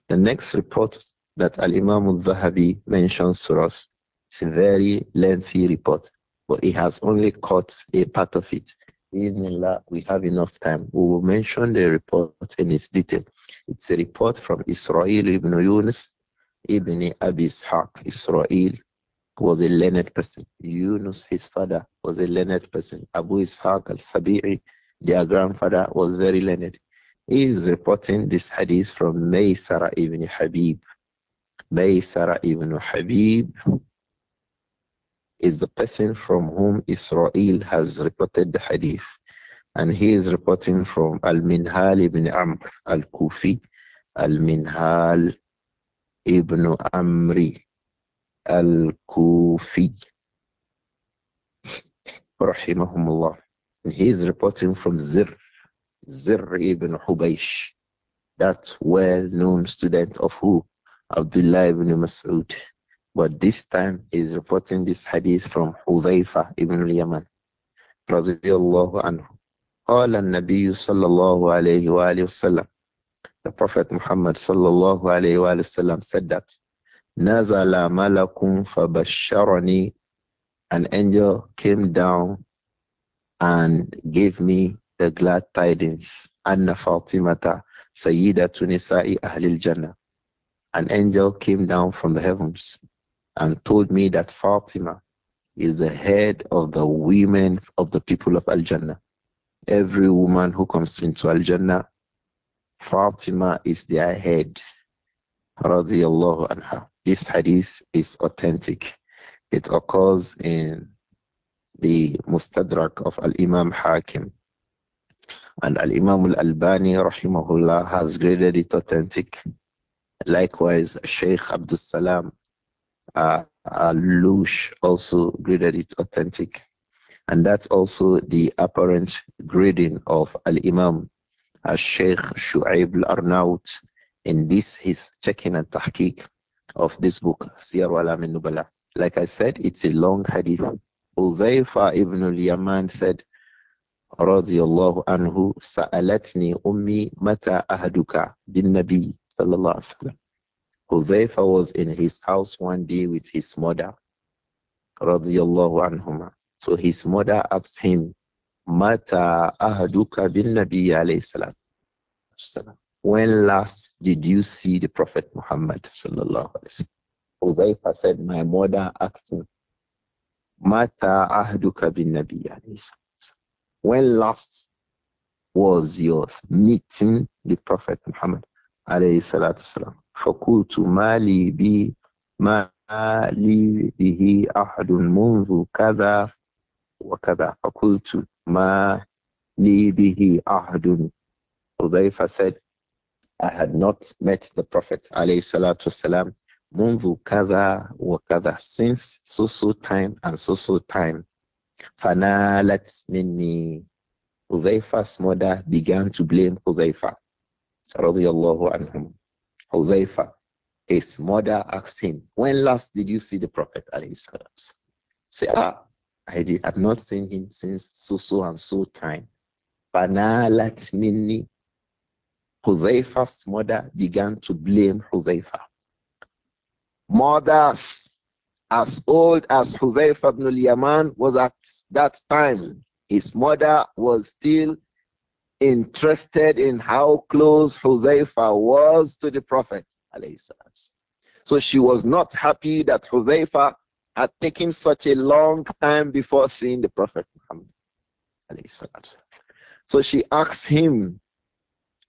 The next report that Al Imam al Zahabi mentions to us is a very lengthy report, but he has only caught a part of it. Bismillah, we have enough time. We will mention the report in its detail. It's a report from Israel ibn Yunus Ibn Abi Ishaq Israel was a learned person. Yunus, his father, was a learned person. Abu Ishaq al-Sabi'i, their grandfather, was very learned. He is reporting this hadith from Maysara ibn Habib. Maysara ibn Habib is the person from whom Israel has reported the hadith. And he is reporting from Al-Minhal ibn Amr al-Kufi. Al-Minhal ibn Amri al-Kufi rahimahumullah. And he is reporting from Zir, Zir ibn Hubaysh, that well-known student of who? Abdullah ibn Mas'ud. But this time he is reporting this hadith from Hudhaifa ibn al-Yaman, رضي الله عنه. قال النبي صلى الله عليه وآله وسلم the Prophet Muhammad sallallahu alayhi wa sallam said that Nazala malakum fabasharani an angel came down and gave me the glad tidings anna fatimata sayyidatu nisa'i ahlil jannah an angel came down from the heavens and told me that fatima is the head of the women of the people of al jannah every woman who comes into al jannah Fatima is their head. anha. This hadith is authentic. It occurs in the Mustadrak of Al Imam Hakim. And Al Imam Al Albani, rahimahullah, has graded it authentic. Likewise, Sheikh Abdul Salam uh, Lush also graded it authentic. And that's also the apparent grading of Al Imam as Sheikh Shu'aib al-Arnaut in this his checking and tahqiq of this book, Siyar Alam Nubala. Like I said, it's a long hadith. Uzaifa ibn al-Yaman said, radiyallahu anhu, sa'alatni ummi mata ahaduka bin Nabi sallallahu alaihi wasallam. Hudhaifa was in his house one day with his mother, radiyallahu anhuma. So his mother asked him, Mata ahaduka bin Nabi alayhi salatu When last did you see the Prophet Muhammad sallallahu alayhi wasallam? Uzaifa said, my mother asked him, Mata ahaduka bin Nabi alayhi salatu When last was your meeting the Prophet Muhammad alayhi salatu wasalam? فقلت ما لي بي ما لي ahadun أحد منذ كذا وكذا فقلت Ma li bihi ahadun. said, I had not met the Prophet alayhi منذ كذا mundu kada since so so time and so so time. فَنَالَتْ minni. Udhaifa's mother began to blame Udhaifa Hudhaifa, his mother asked him, when last did you see the Prophet Say, ah, I did, I've not seen him since so so and so time. Banalat minni. Hudhaifa's mother began to blame Hudhaifa. Mothers as old as Hudhaifa ibn al-Yaman was at that time, his mother was still interested in how close Hudhaifa was to the Prophet. So she was not happy that Hudhaifa had taken such a long time before seeing the Prophet Muhammad. So she asked him,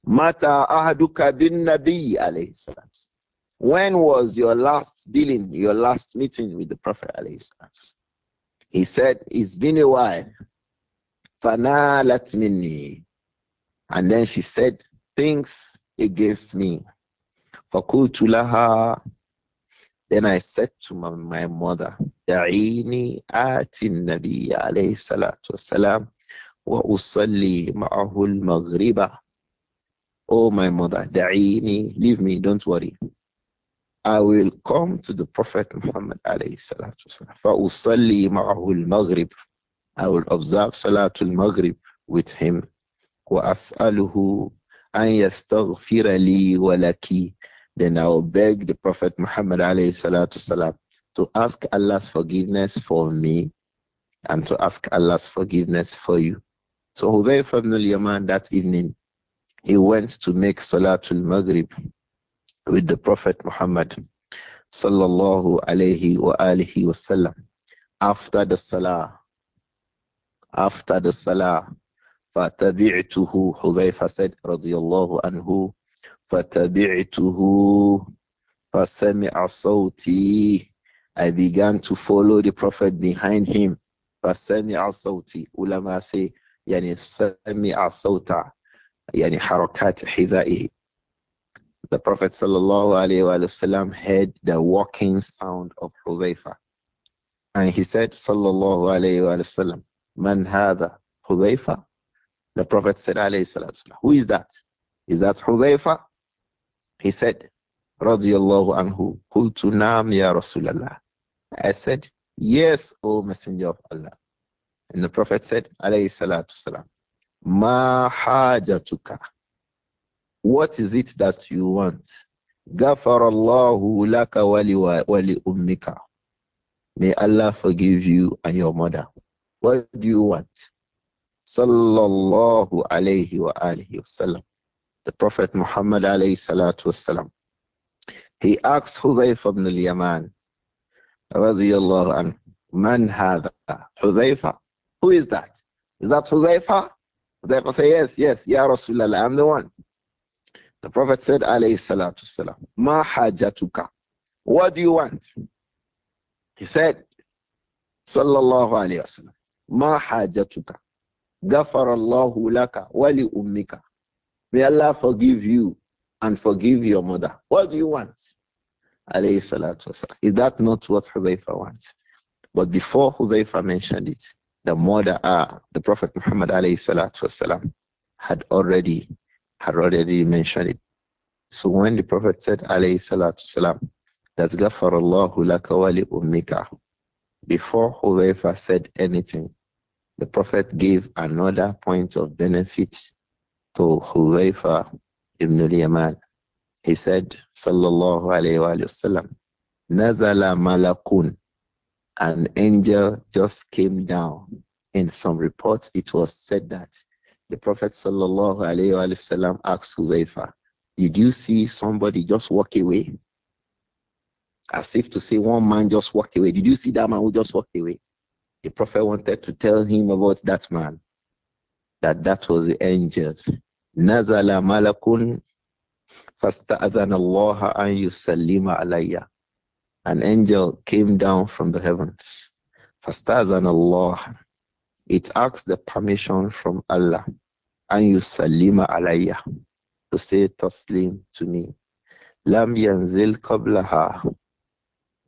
Mata ahaduka bin Nabi When was your last dealing, your last meeting with the Prophet? He said, It's been a while. Fanalat minni. And then she said things against me. Fakultu laha then I said to my, my mother, Da'ini ati Nabi alayhi salatu wasalam wa usalli ma'ahul maghriba. Oh my mother, da'ini, leave me, don't worry. I will come to the Prophet Muhammad alayhi salatu wasalam. Fa usalli ma'ahul maghrib. I will observe salatul maghrib with him. Wa as'aluhu an yastaghfira li wa laki then I will beg the Prophet Muhammad والسلام, to ask Allah's forgiveness for me and to ask Allah's forgiveness for you. So Hudayf ibn al-Yaman that evening, he went to make Salatul Maghrib with the Prophet Muhammad sallallahu alayhi wa alihi wasallam. After the Salah, after the Salah, فَتَبِعْتُهُ Hudayfa said, رضي الله عنه, فَتَبِعْتُهُ فَسَمِعَ صَوْتِي I began to follow the Prophet behind him. فَسَمِعَ صَوْتِي Ulama say, يعني سَمِعَ صَوْتَ يعني حركات حذائه The Prophet وسلم heard the walking sound of Hudhaifa. And he said, Sallallahu Alaihi Wasallam, Man hadha Hudhaifa? The Prophet said, Alayhi salam, Who is that? Is that Hudhaifa? He said, Radiallahu anhu, ya Rasulallah. I said, Yes, O Messenger of Allah. And the Prophet said, alayhi salatu salam, Ma hajatuka. What is it that you want? Ghafarallahu laka wali, wali ummika. May Allah forgive you and your mother. What do you want? Sallallahu alayhi wa alihi wa sallam the Prophet Muhammad alayhi salatu wasalam. He asked Hudayf ibn al-Yaman, radiyallahu anhu, man hadha? Hudayfa. Who is that? Is that Hudayfa? Hudayfa say yes, yes, Ya Rasulullah, I'm the one. The Prophet said, alayhi salatu wasalam, ma hajatuka? What do you want? He said, sallallahu alayhi wasallam, ma hajatuka? غفر الله لك ولأمك May Allah forgive you and forgive your mother. What do you want? Is that not what Hudayfa wants? But before Hudayfa mentioned it, the mother, uh, the Prophet Muhammad والسلام, had already had already mentioned it. So when the Prophet said والسلام, that that's laka wali ummika, before Hudayfa said anything, the Prophet gave another point of benefit to Huzaifa ibn al-Yaman. He said, Sallallahu alayhi wa sallam, Nazala malakun. An angel just came down. In some reports, it was said that the Prophet Sallallahu alayhi wa sallam asked Huzaifa, Did you see somebody just walk away? As if to say, one man just walked away. Did you see that man who just walked away? The Prophet wanted to tell him about that man, that that was the angel Nazala malakun fasta'adhan Allah an yusallima alayya. An angel came down from the heavens. Fasta'adhan Allah. It asked the permission from Allah an yusallima alayya. To say taslim to me. Lam yanzil qablaha.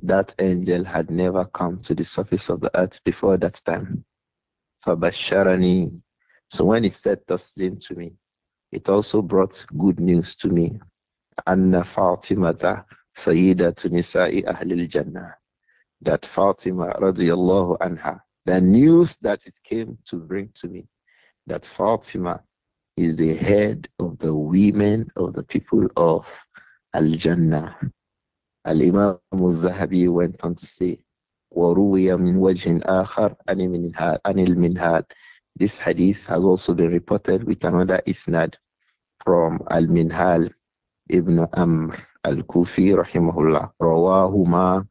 That angel had never come to the surface of the earth before that time. Fabasharani. So when he said taslim to me, it also brought good news to me. Anna Fatimata Sayyidatu Nisa'i Ahlil Jannah. That Fatima radiallahu anha. The news that it came to bring to me that Fatima is the head of the women of the people of Al Jannah. Al Imam al Zahabi went on to say, وروي من وجه آخر عن المنهال this hadith has also been reported with another isnad from Al-Minhal ibn Amr al-Kufi rahimahullah. Rawahuma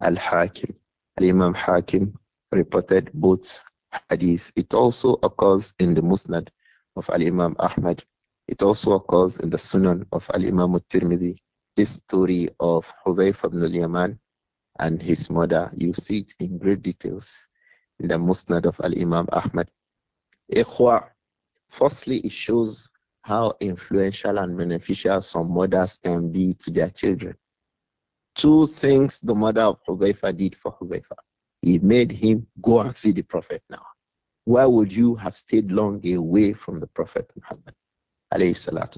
al-Hakim. Al-Imam Hakim reported both hadith. It also occurs in the Musnad of Al-Imam Ahmad. It also occurs in the Sunan of Al-Imam al-Tirmidhi. This story of Hudayf ibn al-Yaman and his mother, you see it in great details in the Musnad of Al-Imam Ahmad. Ikhwa, firstly, it shows how influential and beneficial some mothers can be to their children. Two things the mother of Hudhaifa did for Hudhaifa. He made him go and see the Prophet now. Why would you have stayed long away from the Prophet Muhammad? Salam.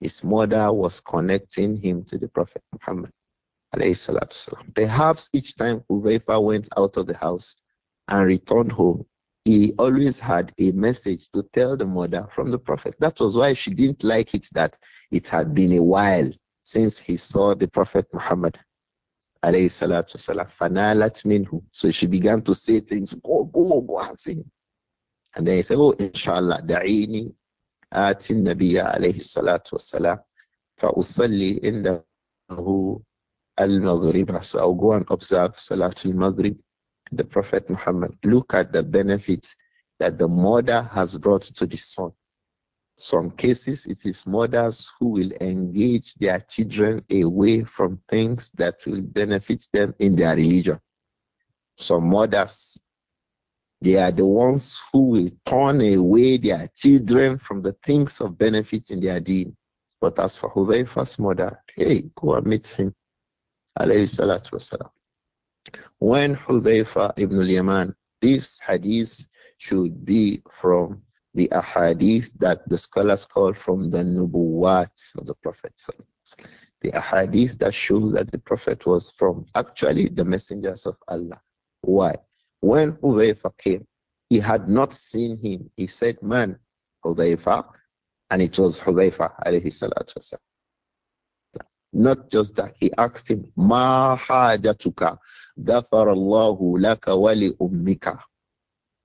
His mother was connecting him to the Prophet Muhammad. Salam. Perhaps each time Hudhaifa went out of the house and returned home, he always had a message to tell the mother from the Prophet. That was why she didn't like it that it had been a while since he saw the Prophet Muhammad. Minhu. So she began to say things, go, go, go and sing. And then he said, Oh, inshallah, da'ini آتي النبي عليه الصلاة والسلام فأصلي إنه المغرب so I'll go and observe al Madri the Prophet Muhammad. Look at the benefits that the mother has brought to the son. Some cases, it is mothers who will engage their children away from things that will benefit them in their religion. Some mothers, they are the ones who will turn away their children from the things of benefit in their deen. But as for Hudayfa's mother, hey, go and meet him. Alayhi salatu wasalam. When Hudayfa ibn al-Yaman, this hadith should be from the ahadith that the scholars call from the nubuwat of the Prophet. The ahadith that shows that the Prophet was from actually the messengers of Allah. Why? When Hudayfa came, he had not seen him. He said, Man, Hudayfa, and it was Hudayfa alayhi salatu wasalam. Not just that, he asked him, Ma hajatuka, Ghafarallahu laka wali ummika.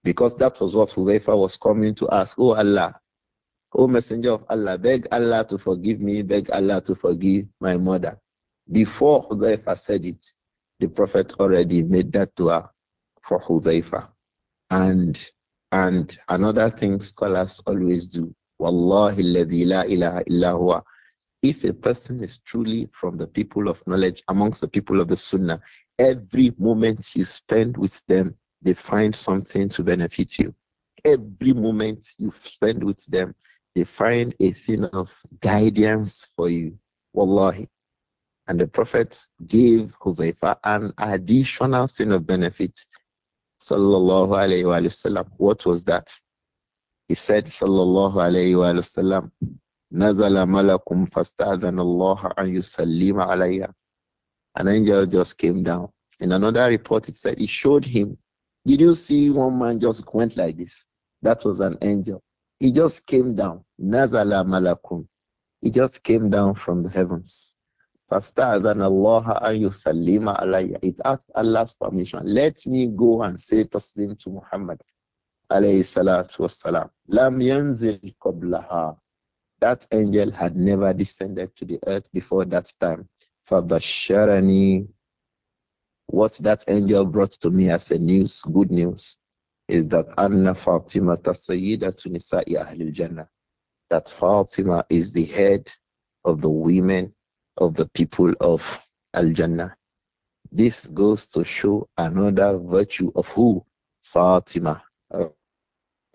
Because that was what Hudhaifa was coming to ask. Oh Allah, oh Messenger of Allah, beg Allah to forgive me, beg Allah to forgive my mother. Before Hudhaifa said it, the Prophet already made that dua for Hudhaifa. And and another thing scholars always do, Wallahi la ilaha illa huwa if a person is truly from the people of knowledge amongst the people of the Sunnah, every moment you spend with them, they find something to benefit you. Every moment you spend with them, they find a thing of guidance for you. Wallahi. And the Prophet gave Huzaifa an additional thing of benefit. Sallallahu alayhi wa, What was that? He said, Sallallahu alayhi wa sallam, Nazala malakum fastadhan Allah an yusallim alayya. An angel just came down. In another report, it said, it showed him. Did you see one man just went like this? That was an angel. He just came down. Nazala malakum. He just came down from the heavens. Fastadhan Allah an yusallima alayya. It asked Allah's permission. Let me go and say taslim to Muhammad alayhi salatu wassalam. Lam yanzil qablaha. That angel had never descended to the earth before that time. Fabasharani. What that angel brought to me as a news, good news, is that Anna Fatima Sayyidatu Nisa'i Ahlul Jannah. That Fatima is the head of the women of the people of Al Jannah. This goes to show another virtue of who? Fatima.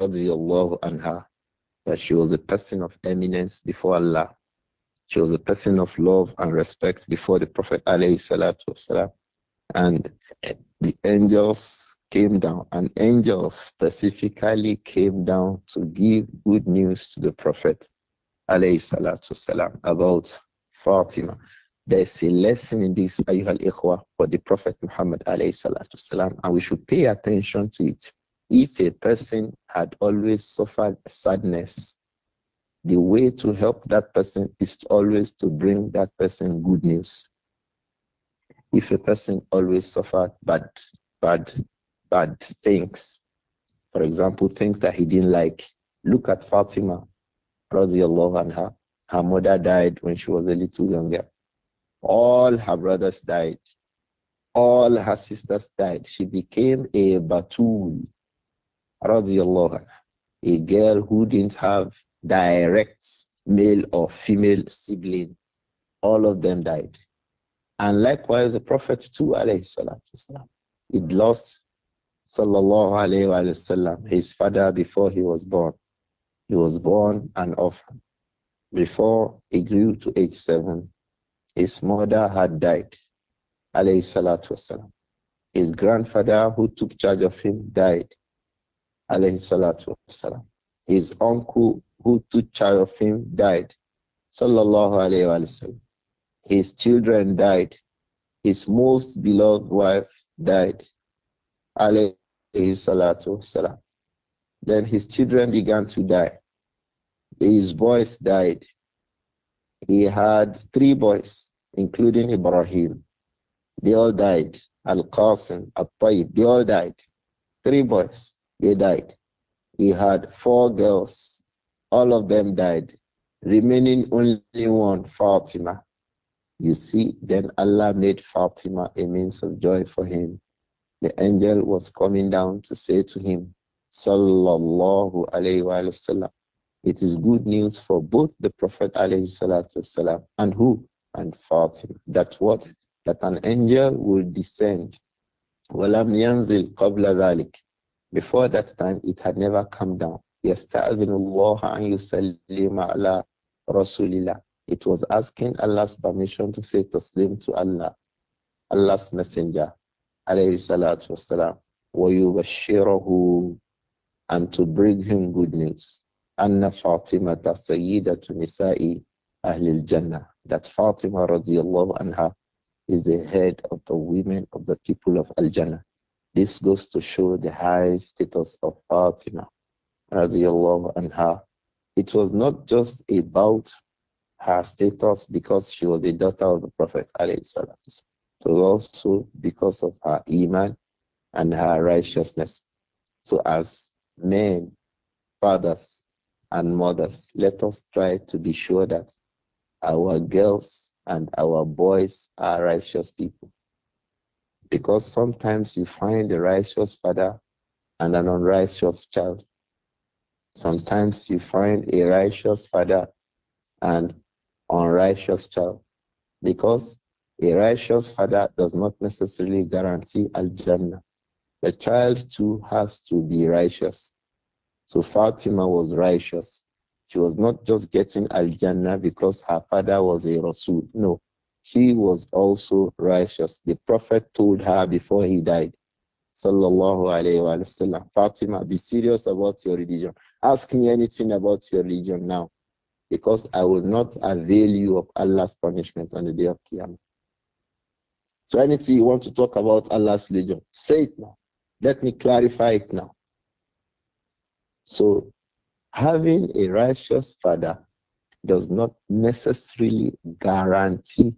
Radiallahu anha that she was a person of eminence before Allah. She was a person of love and respect before the Prophet and the angels came down. and angels specifically came down to give good news to the Prophet about Fatima. There's a lesson in this, Ayyuhal Ikhwa, for the Prophet Muhammad and we should pay attention to it if a person had always suffered sadness, the way to help that person is always to bring that person good news. If a person always suffered bad, bad, bad things, for example, things that he didn't like, look at Fatima, and her. Her mother died when she was a little younger. All her brothers died. All her sisters died. She became a batul radiallahu a girl who didn't have direct male or female sibling, all of them died. And likewise, the Prophet too, alayhi salatu he lost, sallallahu alayhi wa sallam, his father before he was born. He was born an orphan. Before he grew to age seven, his mother had died, alayhi salatu wasalam. His grandfather, who took charge of him, died, alayhi salatu wasalam. His uncle who took charge of him died. Sallallahu alayhi His children died. His most beloved wife died. Alayhi salatu wasalam. Then his children began to die. His boys died. He had three boys, including Ibrahim. They all died. Al Qasim, Al Tayyib, they all died. Three boys. They died. He had four girls. All of them died, remaining only one, Fatima. You see, then Allah made Fatima a means of joy for him. The angel was coming down to say to him, Sallallahu alayhi Wasallam, it is good news for both the Prophet والسلام, and who? And Fatima. That what? That an angel will descend. وَلَمْ يَنْزِلْ قَبْلَ ذَلِكَ before that time, it had never come down. It was asking Allah's permission to say taslim to Allah, Allah's messenger, alayhi salatu wasalam, وَيُبَشِّرَهُ and to bring him good news. أن فاطمة to Nisai, أهل Jannah, that Fatima radiallahu anha is the head of the women of the people of Al-Jannah. This goes to show the high status of Fatima radiallahu anha. It was not just about her status because she was the daughter of the Prophet salam. It was also because of her iman and her righteousness. So as men, fathers, and mothers, let us try to be sure that our girls and our boys are righteous people. Because sometimes you find a righteous father and an unrighteous child. Sometimes you find a righteous father and unrighteous child. Because a righteous father does not necessarily guarantee Al The child too has to be righteous. So Fatima was righteous. She was not just getting Al because her father was a Rasul. No she was also righteous. The Prophet told her before he died, Sallallahu Alaihi Wasallam, Fatima, be serious about your religion. Ask me anything about your religion now, because I will not avail you of Allah's punishment on the day of Qiyamah. So anything you want to talk about Allah's religion, say it now. Let me clarify it now. So having a righteous father does not necessarily guarantee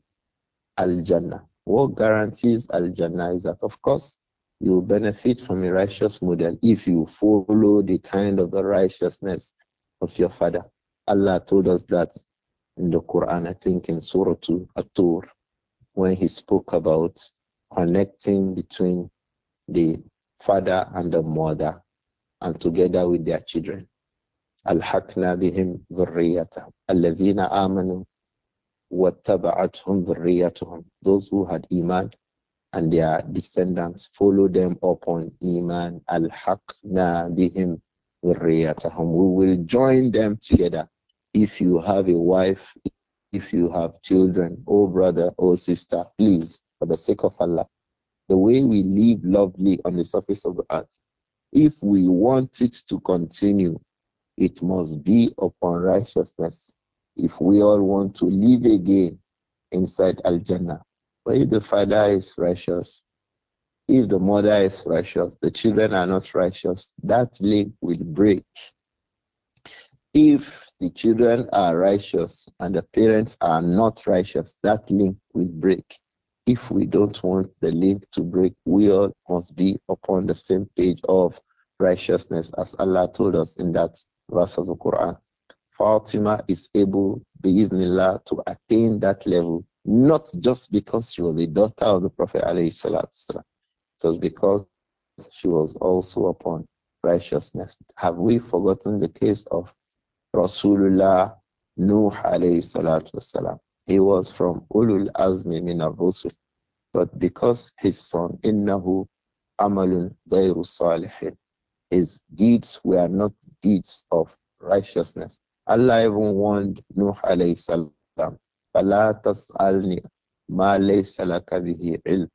Al Jannah. What guarantees Al Jannah is that, of course, you will benefit from a righteous model if you follow the kind of the righteousness of your father. Allah told us that in the Quran, I think in Surah 2, At-Tur, when he spoke about connecting between the father and the mother and together with their children. Al-Hakna bihim dhurriyata alladhina amanu وَاتَّبَعَتْهُمْ ذُرِّيَّتُهُمْ Those who had Iman and their descendants follow them upon Iman al-haqna bihim ذُرِّيَّتَهُمْ We will join them together. If you have a wife, if you have children, oh brother, oh sister, please, for the sake of Allah, the way we live lovely on the surface of the earth, if we want it to continue, it must be upon righteousness if we all want to live again inside Al Jannah. But if the father is righteous, if the mother is righteous, the children are not righteous, that link will break. If the children are righteous and the parents are not righteous, that link will break. If we don't want the link to break, we all must be upon the same page of righteousness as Allah told us in that verse of the Quran. Fatima is able, bismillah, to attain that level, not just because she was the daughter of the Prophet alayhi just because she was also upon righteousness. Have we forgotten the case of Rasulullah Nuh alayhi salatu He was from Ulul Azmi min al-Rusul. But because his son, innahu amalun ghayru salihin, his deeds were not deeds of righteousness. Allah even warned Nuh alayhi salam, فَلَا تَسْأَلْنِي مَا لَيْسَ لَكَ بِهِ عِلْمٍ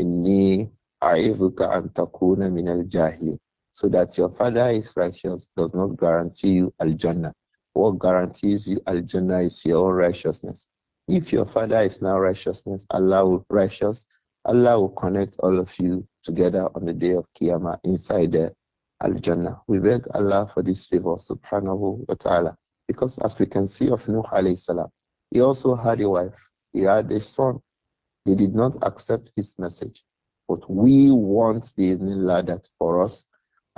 إِنِّي أَعِذُكَ أَن تَكُونَ مِنَ الْجَاهِلِينَ So that your father is righteous does not guarantee you al-Jannah. What guarantees you al-Jannah is your own righteousness. If your father is now righteousness, Allah will righteous, Allah will connect all of you together on the day of Qiyamah inside the Al-Jannah. We beg Allah for this favor, subhanahu wa ta'ala. Because as we can see of Nuh alayhi salam, he also had a wife, he had a son. He did not accept his message. But we want the Nila that for us,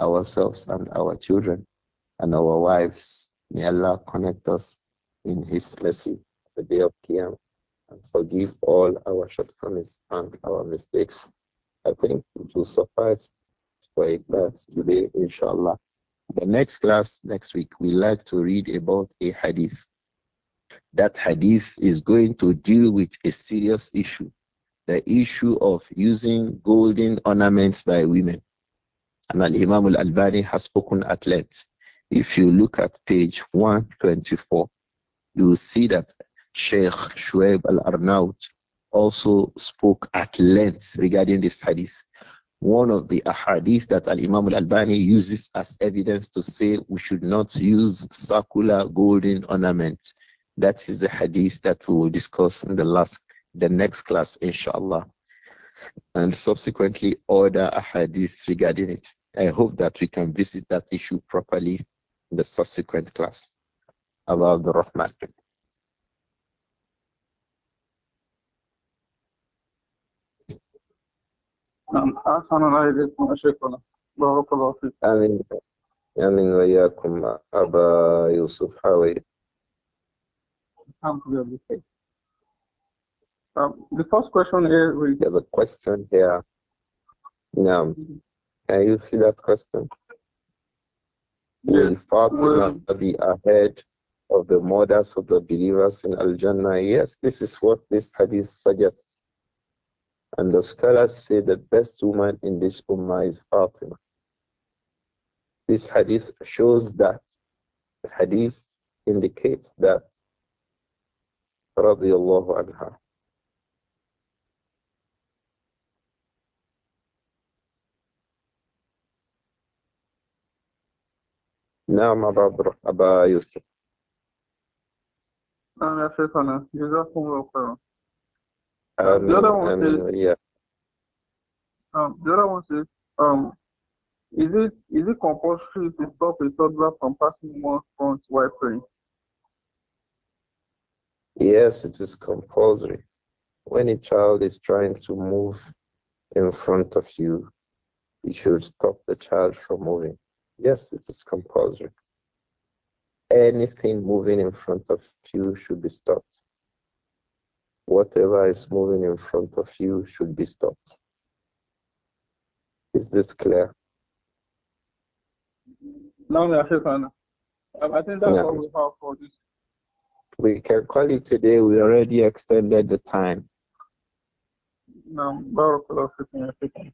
ourselves and our children and our wives. May Allah connect us in His mercy the day of Qiyam and forgive all our shortcomings and our mistakes. I think it will suffice for a class today, inshallah. The next class next week, we like to read about a hadith. That hadith is going to deal with a serious issue the issue of using golden ornaments by women. And Al Imam Al Albani has spoken at length. If you look at page 124, you will see that Sheikh Shuaib Al Arnaut also spoke at length regarding this hadith one of the ahadith that Al Imam Al Albani uses as evidence to say we should not use circular golden ornament. That is the hadith that we will discuss in the last, the next class, inshallah, and subsequently other ahadith regarding it. I hope that we can visit that issue properly in the subsequent class. About the Rahman. نعم عافانا الله إليكم وشيخنا بارك الله فيك آمين آمين وإياكم أبا يوسف حاوي الحمد لله um, the first question here is There's a question here. Now, can you see that question? Yes. Will Fatima well, be ahead of the mothers of the believers in Al Jannah? Yes, this is what this hadith suggests. And the scholars say the best woman in this ummah is Fatima. This hadith shows that the hadith indicates that radiallahu anha. نعم أبا أبا يوسف أنا شيخنا جزاكم الله خيرا um, the other one says, yeah. Um, the other one says, um, is it is it compulsory to stop a toddler from passing one front while praying? Yes, it is compulsory. When a child is trying to move in front of you, you should stop the child from moving. Yes, it is compulsory. Anything moving in front of you should be stopped. Whatever is moving in front of you should be stopped. Is this clear? No, um, I think that's yeah. all we have for this. We can call it today. We already extended the time. نعم بارك الله فيكم يعطيكم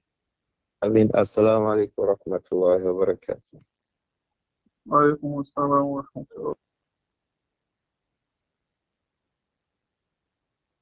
أمين السلام عليكم